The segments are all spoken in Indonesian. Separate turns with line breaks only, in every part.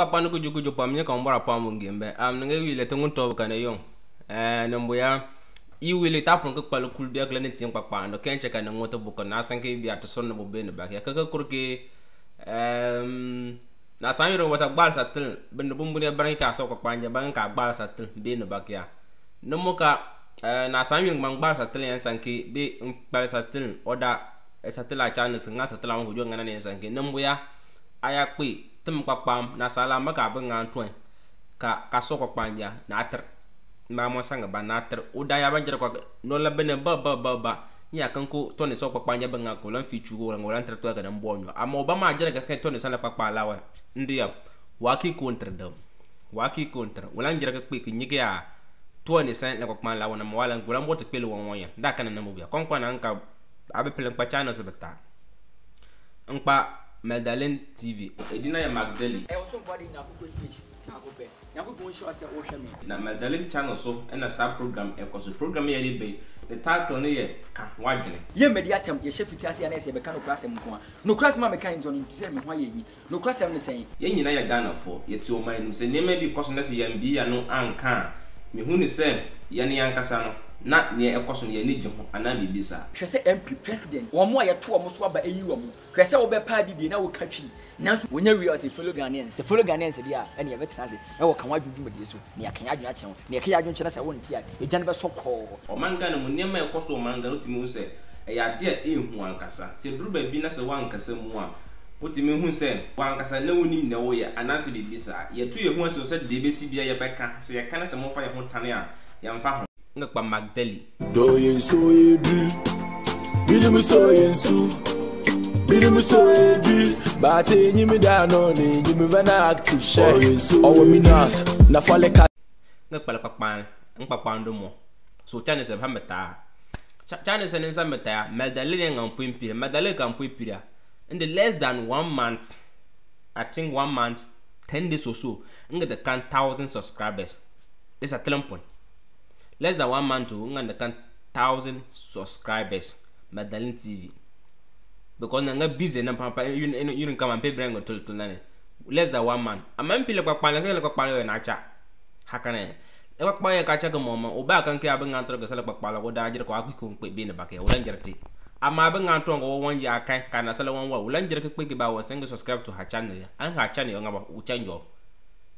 papa nuku juku nyɛ ka ŋun bɔra pam ŋun am eh, ya, ya ya ne wile te ŋun kane yong yɔŋ ɛɛ i wile ta pun ke kpali kul bia kila ne papa kpakpando kenche kane ngoto buka ŋun te bu ka ke be te sɔn ne bakia ka ke kurke ɛɛm naasan yɛrɛ wata bal satel bende bumbu ne so ka sɔ kpakpando ka bal satel til ne bakia ka ɛɛ naasan yɛrɛ ŋman gbal sa til ke bɛ n kpali sa a chanu sanga a mungu ko jɔ ne y'a kpe tim na nasaala ma ka bi ŋan tɔi ka ka soko kɔkpanja ya, na ater ma mo sanga ba na ater u da ya yaa jere kwa no la bene ba ba ba ba ya kan ko ne soko kɔkpanja ya bi ŋan ko lan fi chu ko ŋo lan tiri tɔi ka din bɔ amma ba ma jere ka kai ne sala kpakpa la wa ndi ya wa ki ko n tiri dam waa ki ko u lan jere ga kpe ki nyiga ya, to ne san la kwa la wa na ma wala la ŋo te bɔ won won ya da kan na mo biya kwa na nka ka a kpa caana sibi magdalen tv Edina yɛ magdali ɛwɔ so mfa de nyankopɔn page akopɛ nyankopɔn hyɛ sɛ wohwɛ me na magdalen channel so ɛna saa program ɛkɔ so program yɛ de bɛi ne title no yɛ ka ho adwene yɛ mmadi atam yɛhyɛ fiti aseɛ na ɛsɛ yɛbɛka nokora asɛm nko a nokora asɛm a meka nti ɔno sɛ me ho ayɛ yi nokora asɛm ne sɛn yɛn nyinaa yɛ ghanafoɔ yɛte ɔman anim sɛ nneɛma bi kɔ so na sɛ yɛmbiya no anka a mehu ne sɛ yɛne yɛankasa no na nea ɛkɔ so no yɛne gye ho anaa biribi saa hwɛ sɛ mp president wɔn mo a yɛto wɔn so aba ɛyi wɔn hwɛ sɛ wɔbɛpa adidie na wɔka twi nanso wɔnya wie ɔsɛ fellow ghanaians sɛ fellow ghanaians deɛ a ɛne yɛbɛtena ase na wɔka ho adwendwuma deɛ so na yɛakanya adwene akyerɛ ho na yɛkanya adwene kyerɛ sɛ wɔnte a ɛgya no bɛsɔ kɔɔ ɔman ghana mu nneɛma ɛkɔ so ɔman ghana wotumi hu sɛ ɛyɛ adeɛ a ɛnhu ankasa sɛ duru baabi na sɛ woankasa mu a wotumi hu sɛ wankasa na wonim na woyɛ anaasɛ biribi saa yɛto yɛ ho asɛ sɛ deɛ ɛbɛsi bia yɛbɛka sɛ yɛka ne sɛ momfa yɛ ho tane a yɛmfa ho nga kpa magdali
doyensoyedi bilimusoyensu bilimusoyedi baate enyimi daano ne enyimi vana active hyɛ oh, ɔwɔ mi nas nafɔle ka.
nga kpala kpakpan nkpakpando mo so kyane sɛ hame taa kyane sɛ ne nsa me taa magdali ne nga mpo mpira magdali ka mpo mpira in the less than one month i think one month ten days or so nga the kan thousand subscribers it's a telling point. less than one month to nga na kan thousand subscribers madalin tv because na nga busy na papa yun kama mpe bere nga tolotolo na ne less than one month ama mpi le kpakpa le le kpakpa na cha haka ne le kpakpa ye ka acha ke mɔmɔ o ba kan ke abin nga toro ke sala le kpakpa ko da jere ko akui ko nkpe bi na ba ke o le n jere te ama abe nga toro ko wo wɔn yi akan na sala le wɔn wɔ o le ke kpe ke ba wa se subscribe to her channel an ha channel nga ba u change o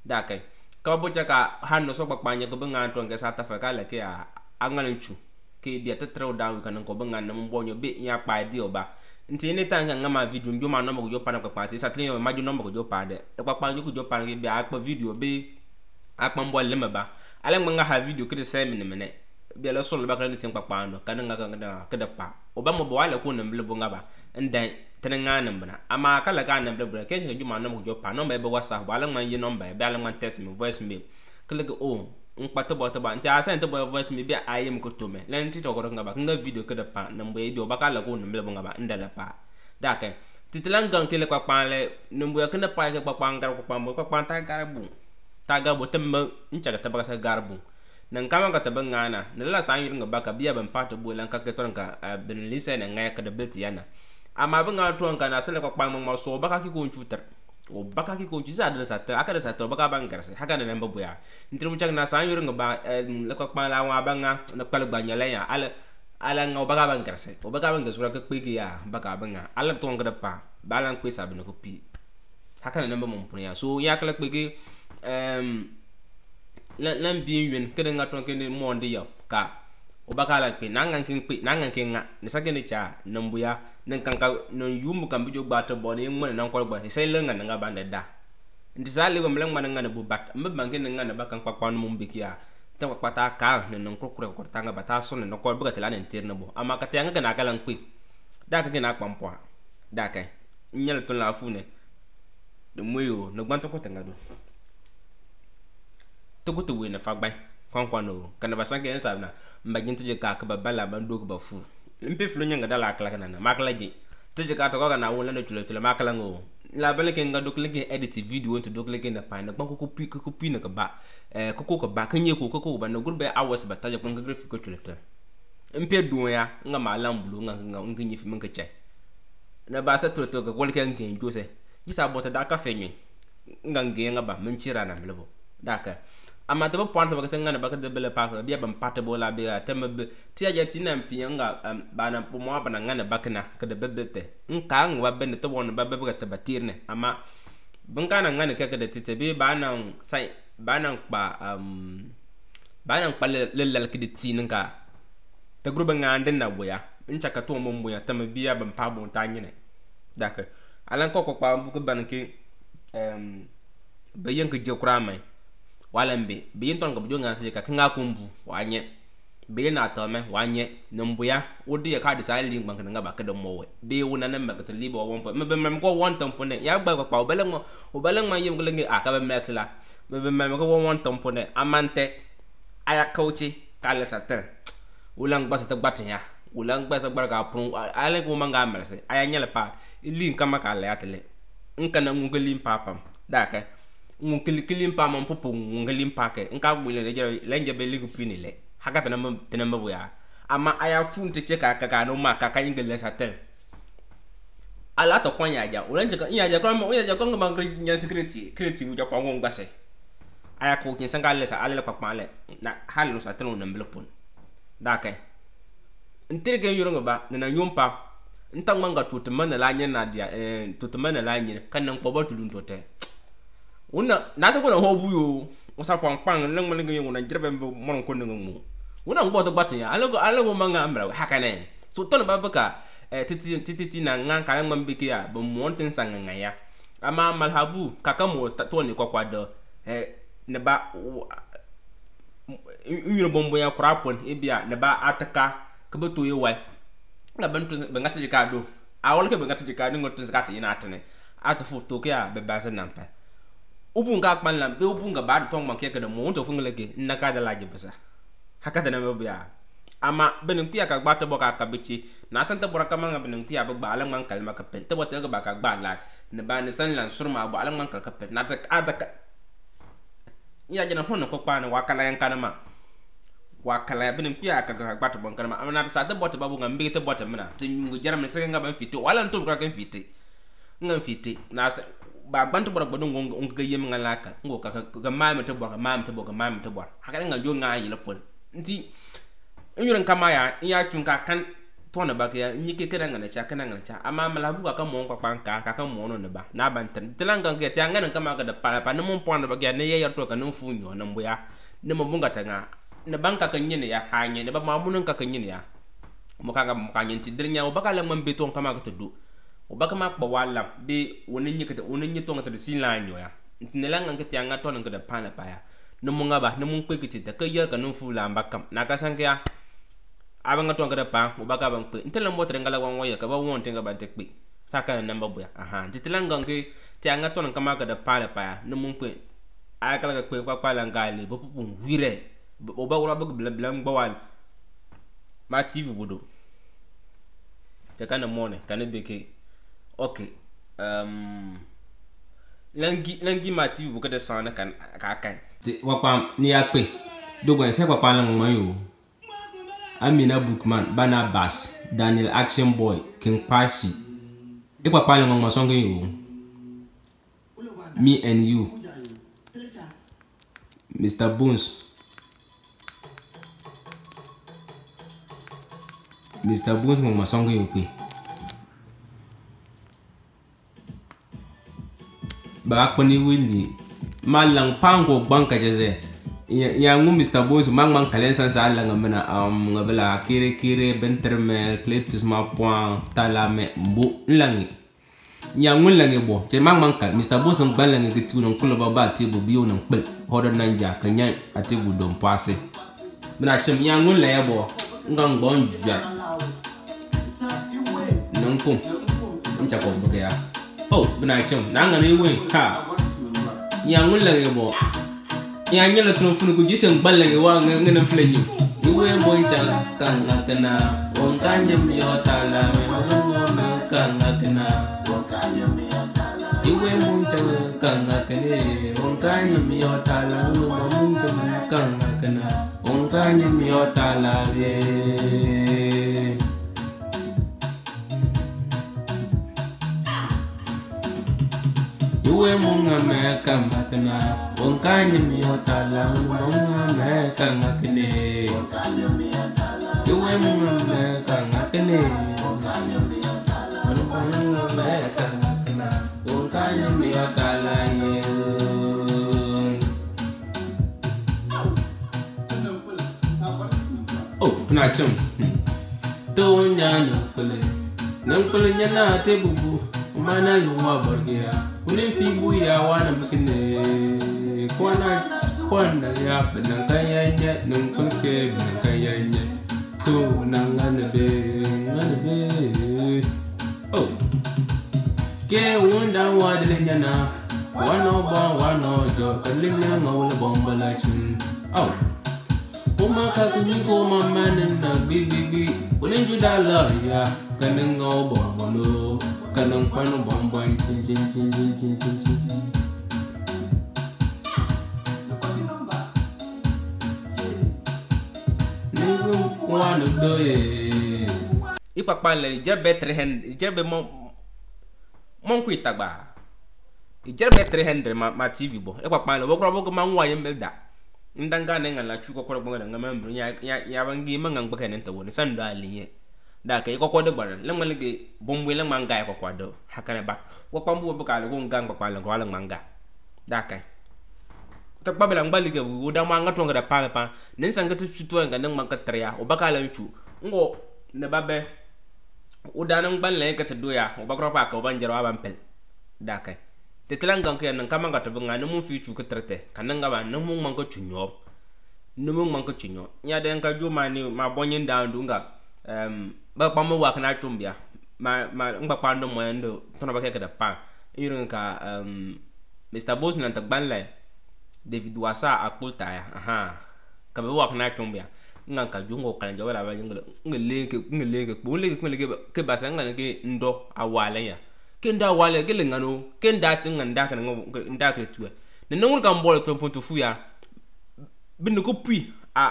daa kan. ka butsa ka han no so kpakpa nye ko bengan to nke sa ta fa kala ke a angal nchu ke bia tetra o dawu kana ko bengan na mbo nyo be nya kpa di oba nti ni tanga ngama video njo ma no mo jo pa na kpakpa ti sa yo ma jo no mo jo pa de e kpakpa njo ko jo pa ke bia akpa video be akpa mbo le mba ale nga ha video ke de se mene mene biala sɔrɔ ba kana tiŋ kpakpaando ka kana nga ka ka pa o ba mo bo wala ko nam bo nga ba nda da tene ŋa nam bana ama ka la ka nam bilibu na kenshi ka juma nam mo jo pa nɔmba e bo whatsapp ba ala ŋman yi nɔmba ba ala ŋman text mi voice me, ka lege o oh, n kpa bo to ba tɛ asa sɛn bo voice me bi a yem ko tome lɛn ti ko nga ba nga video ka pa nam bo ye bi o ba ka la ko ba nda la pa da ka titilan gan kele kpakpaan lɛ nam bo ya ka na pa ke kpakpaan gara kpakpaan mo kpakpaan ta gara bu ta gara bu tɛmɛ n cɛ ka ka sa nan kama ka tabin gana na la saa yiriŋa ka bia eh, bin pahi ti ka ke bin lisa nan ga ka da bilti yana amma bin ga ka na sala ka kpaŋ ŋma so baka ki kun cutar o baka ki kun cisa da sa ta aka da sa ta ba ka ban garsa haka da nan ba boya ntir mu chak na saa yiriŋa ba la ka kwa la wa ban ga na kpal gba nyala ya, ala ala ŋa baka ka ban garsa o baka ka ban garsa ka kwe ki ya baka ban ga ala tɔn ka da pa balan kwe kpe sa bin ko pi haka da nan ba mun punya so ya kala kwe ki lan bi yun kede nga ton kene monde ya ka o baka la pe nangan kin pe nanga kin nga ne sake ne cha nambuya nan kanka non yumbu kan bijo gbata bo ne mun nan korba sai lenga nga banda da ndi sale go mlang mananga ne bubat mbe bangi ne nga ne baka kwa kwa mun bikiya ta kwa ta ka ne nan kurkure ko ta nga bata so ne ko buga tala ne tirna bo ama ka ta nga na galan kwi da ka gina kwampo da ka nyal tun la fune de muyo no gbanto ko tanga do togu ti wena fa gbai kwankwa no kana ba sanke ensa na mbagin tije ka ka babba ban dogo ba fu mpe flo nyanga dala akla kana na makla je tije ka to ka na wona no tulo tulo makla ngo la bale ke nga dok leke edit video to dok leke na pa na ko ko pi ko pi na ka ba eh ko ko ka ba kan ye ko ko ba na gurbe hours ba taje kan graphic ko tulo tulo mpe dunya nga malam bulu nga nga ngi nyi fi mun ka chai na ba sa tulo tulo ka wol ke ngi ngi se jisa bota da ka fenyi nga ngi nga ba mun chira na mlebo da ka amma tɩ b põr tɩ b tɩ ŋãna bak tɩ bɩ la paak bɩa bɩn pa tɩ boola bɩga tɩ m bɩ tɩ ya ya tɩ nan pɩ ŋa baana pʋmɔa bɩ na ŋãna bakna na dɩ bɩ bɩ tɩ n ka ŋ wa bɩnɩ tɩ wɔn ba bɩbga tɩ ba tɩɩrnɛ amma bɩn ka na ŋãnɩ kɛ kɩ dɩ tɩtɩ bɩ baa na sai baa na kpa baa na kpa lelal kɩ ti tɩɩn ka tɩ gʋrʋ bɩ ŋaandɩ na bʋya n chaka tʋʋm bɩn bʋya tɩ m bɩa bɩn pa bʋʋn taa nyɩnɛ dakɩ alankɔkɔ kpa bʋkɩ bãn kɩ bɩ yɩn kɩ je kʋraamɛ wala mbe biyin ton ko bu jonga ti ka kinga kumbu wanye biyin na tome wanye nombuya wodi ya ka de sai lin banka ngaba ka de mowe de wona na mba ka libo won po me be mem ko won ton po ne ya gba gba o bele mo o bele mo yim ko lengi aka ah, be mesla me be mem ko won ton po amante aya coach kala satan ulang basa ta gbatin ya ulang basa gbarga pun ale ko manga merse aya nyele pa ilin kama kala ya tele nka na ngungo papam daka ŋun kiliŋ paa maŋ popo ŋun kiliŋ paa kɛ n ka gbele le jɛrɛ lɛn jɛ bɛ ligi pini lɛ haka tɛnɛ mɛ tɛnɛ mɛ boya ama a y'a fun tɛ cɛ k'a kɛ k'a n'o ma k'a ka ɲi gɛlɛ sa tɛn ala tɔ kɔn y'a ja o lɛn jɛ ka n y'a ja kɔn ma n y'a ja kɔn ka ma ɲɛsi kireti kireti wujɛ kɔn kɔn gbasɛ a y'a ko kɛ sɛn k'ale sa ale kpa kpaa lɛ na hali sa tɛnɛ o nɛ mbele pon daa kɛ n terikɛ yɔrɔ ŋa ba nana yɔn pa n ta ŋman ka to tɛmɛ na la ɲɛ na diya ɛɛ to tɛmɛ na la ɲɛ ka na kpɔbɔ tulun tɔ tɛ wuna nasa kuna ho buyo usa kwang mpang leng maling ngi wuna jirbe mbo mon ko ngi mu wuna ngbo to bati ya alo go manga amra hakane so tono ba baka eh, titi titi titi na ngang kala biki ya bo mon tin ngang ngaya ama mal habu kaka mo to ni kwa kwa do eh, ne ba yiro bombo ya krapon ibia e ne ba ataka kubu to yu wai na bantu bangati jikado awol ke bangati jikado ngotu zakati ina atene ata fu to ke ya be ba sa ubu nga akpan lam be nga ba tong man keke de mo unto fungle ke na ka da laje basa haka da na be biya ama benin kuya ka gbata boka ka ka bici na san ta ka man benin kuya ba ba alan man kalma ka pel tabo ta ga ba ka gba la ne ba ni san lan surma ba alan man kal ka pel na ta ka da ka ya jana hono ko kwa na wa kala yan kana ma wa kala ya benin kuya ka ga gba tabo kana ma ama na ta sa ta babu ngam bi tabo ta mina tin ngu jara mi sega ngam fiti wala ntum ka kan fiti ngam fiti na ba bantu tɩ bɔra bõn ngong ngong ka yemngã la ka n woka ka maame tɩ bɔra maame tɩ bɔra maame tɩ bɔra hakdẽngã yongã n yɩl pʋl ntɩ n yõr n ka maa yaa n yaa tũn ka kãn tõnd bak yaa n yĩke kẽdãngã na ca kẽdãngã na ca amaa me la buga ka mõon kɔkpa n kaar ka ka mõono ne ba na ban tẽr tɩ la n gãn ka ya tɩ yaa da paala pa ne mõn põand bak yaa ne ya yɛr ya toka ne n ne n ya. ne ne ka ka yẽne ya haa yẽ ne ba ma ya. mun ka ka yẽne ya mo ga mo ka yẽ tɩ dɩr ba ka la ŋmãn be tõn ka to do o baka ma kpa wala bi woni nyikete woni nyito ngata sin ya. la nyoya ntinela nganke tianga ton ngada pana paya no munga ba no mun kwekiti ta ka yar ka no la mbakam na ka ya abanga ton ngada pa o baka ban kwe ntela mbotre ngala wan waya ka ba wonte ngaba te kwe taka na ya namba buya aha ntitela nganke tianga ton kama ka da pana paya no mun kwe akala ya ka kwe kwa kwala ngale bo pupun wire o ba wura ba bla bla ngba ma tv bodo jakana mone beke ok um, Lengi langi mati bu ko de kan ka kan wakpam ni ya pe dogo ese papa lang mo yo amina bookman bana bass daniel action boy king pashi e papa lang mo songo yo me and you mr bones mr bones mo songo yo pe ba akpani wili ma lang pango gbaŋ ka ya, ya ngu mr boys ma ŋmaŋ kalen san sã n laŋa am um, kire kire kere kere bin ma põa tala me n lang ya ngu lang bɔ chɛ ma ngang ka mr boys ng ban lang ki tiu n kulba ba teebu bio n kpil hɔdɔ nan ja ka nyɛ a bu don paase mina chim ya ngu la bɔ n ka n gbɔ n juya niŋ kum oh bên quên. yêu là phun bina chum na yêu iwe ka ya ngulla ge bo ya nyala tun funu ku jisen balla ge
wa ngana flenyi iwe bo intal kan ngana on kan jam yo tala me ngana kan ngana iwe mo intal kan ngana on kan jam yo tala ngana kan Ông ta kan jam ta tala ye uwe munga meka ngakna wonkanye miyotala munga meka ngakne uwe munga meka ngakne munga meka ngakna wonkanye miyotala ye Oh, puna chum. Don't ya no kule. Nang kule nyana te bubu. Mana luwa borgia nefibu ya wana mkine kwana kwana ya benang kayanya nang kunke benang kayanya tu nang ngana be ngana be oh ke wunda wadele nyana wano ba wano jo kalinga ngawala bomba chin, oh Oma ka kuni ko mama nana bi bi bi, wani juda lari ya, kanin ngau bomba lo. ganin kwanin bambam kin kin kin kin kin
mọ mọnku itagba jẹbẹ trehen de ma tv bọ ipapa le wọkura ma nwa ye mbẹ da ndanga ne ngala kọkọrọ gbọngàn ngama mbẹ ya ya bangi ma ngang gbẹkẹ ne da ka ikwa kwado gbara le ngwele gi bo mwe le manga ya kwado hakane ba wo pambu bo ka le go nga ngba kwala ngwa le manga da ka ta kpabela ngbali ga wo da ma nga tonga da pa pa sanga tu tu nga nin manga treya o ba chu ngo ne ba be o da nan ngban ka ta doya o ban jero pel da ka te tilan gan ka nan kama to nga ne mun fi chu ka trete ka nan ga ba nan mun manga chu nyob nan mun manga chu nya ju ma ni ma bonyin da dunga bakpa mo wak na tumbia ma ma ngba ndo mo ndo tona bakeka da pa irin ka um Mr. Boss nan tagbanla David Wasa akpulta ya aha ka be wak na tumbia nga ka jungo kan jawala ba jingle ngeleke ngeleke ko leke ko leke ke basa nga ke ndo awale ya ke nda awale ke lengano ke nda tinga nda kan nda ke tuwe ne nungun kan bolo ton pontu fuya bin ko pui a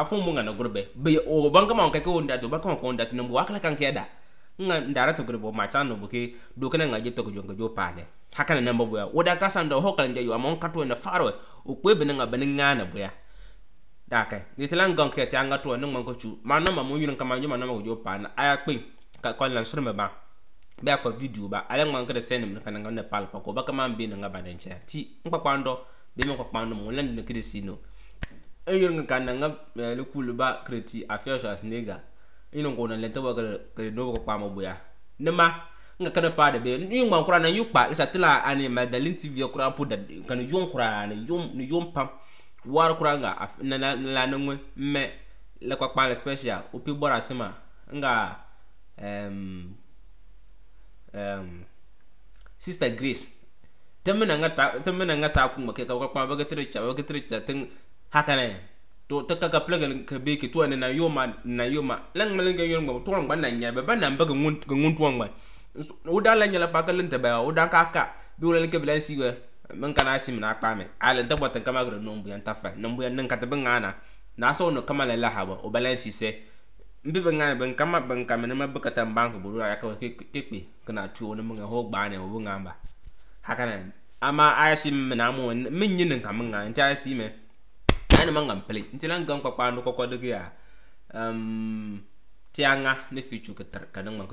a fo mo ngana gurbe be o ban kama on kake on da to ban kama ko on da to mo wakala kan keda nga ndara to gurbe ma tan no buke do kana nga jito ko jonga jo pale hakana na mbo ya oda ka san do hokal nje yo amon kato na faro o kwe be nga banin ngana boya da kai ni tilan gon ke ta nga to no ngon ko chu ma no ma mo yun kama yo ma no ko jo pana aya kwe ka kon lan surme ba be akwa video ba ala ngon ka de senem kana nga ne pal pa ko ba kama mbi nga banin cha ti nkwa kwando be mo kwa kwando mo lan ne kidisino irin ka nanga eh, likulu ba kreti afia sha snega ina ko na lenta ba ka no ko pa mo buya nema nga kana pa da be ni ngwan kura na yukpa isa tila ani madalin tv kura pu da kan yon kura ni yon ni yon pam war kura nga na na na nwe me la kwa kwa special upi bora sema nga um um sister grace tamina nga tamina nga sa kuma ke ka kwa ba ga tire cha ba ga tire cha tin hakane to ta ka plug ka be ki to na yoma na yoma lan malan ga yoma to ran banna nya be banna ba ga ngun ga ngun to wan o da lan nyala pa ka lan ta ba o da ka ka bi wala ke bilan siwe man kana sim na pa me ala ta botan kama ga non bu yan ta fa non bu yan nan ka ta bin ana na so no kama la lahaba o balance se mbi be ngana ben kama ben kama ne mabbe katam bank bu ra ka kekpi kana tuwo ne mga ho gbane bu ngamba hakana ama asim na mo min yin kan mun ngan ta asime ani ma ngam pele nti lan gam anu kpakpando kɔkɔdigi ya um, ya um tianga ne fichu ka tar ka ni ŋman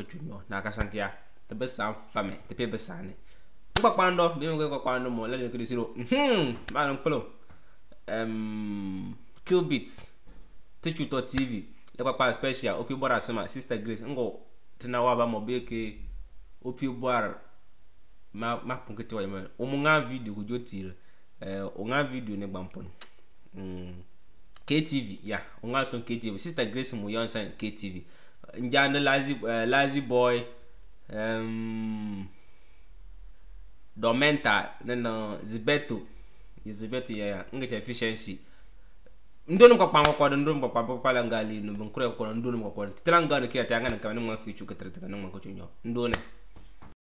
na ka san kiya ti bi san fami ti pe bi sani n kpakpando bi mi ko ndo mo la kiri siro mhm maa ni um, Qubit, ti chu tv la kpakpando special opi bora sema sister grace ngo tina wa ba mo bi ke opi bora ma ma punkete wa yi ma o mu ŋa video ko jo eh, o ŋa video ne bampon Mm. ktv ya yeah. unga kan ktv sister grace muyonsa ktv njana lazy eh, lazy boy domenta nana zibeto zibeto yaya ngecha efficiency ndoni mkwa kwango kwa ndoni mkwa kwa kwa la ngali no bunkure kwa ndoni mkwa kwa titala ngani kia tanga na kama ni mwa fichu ketere tanga na mwa kuchunyo ndoni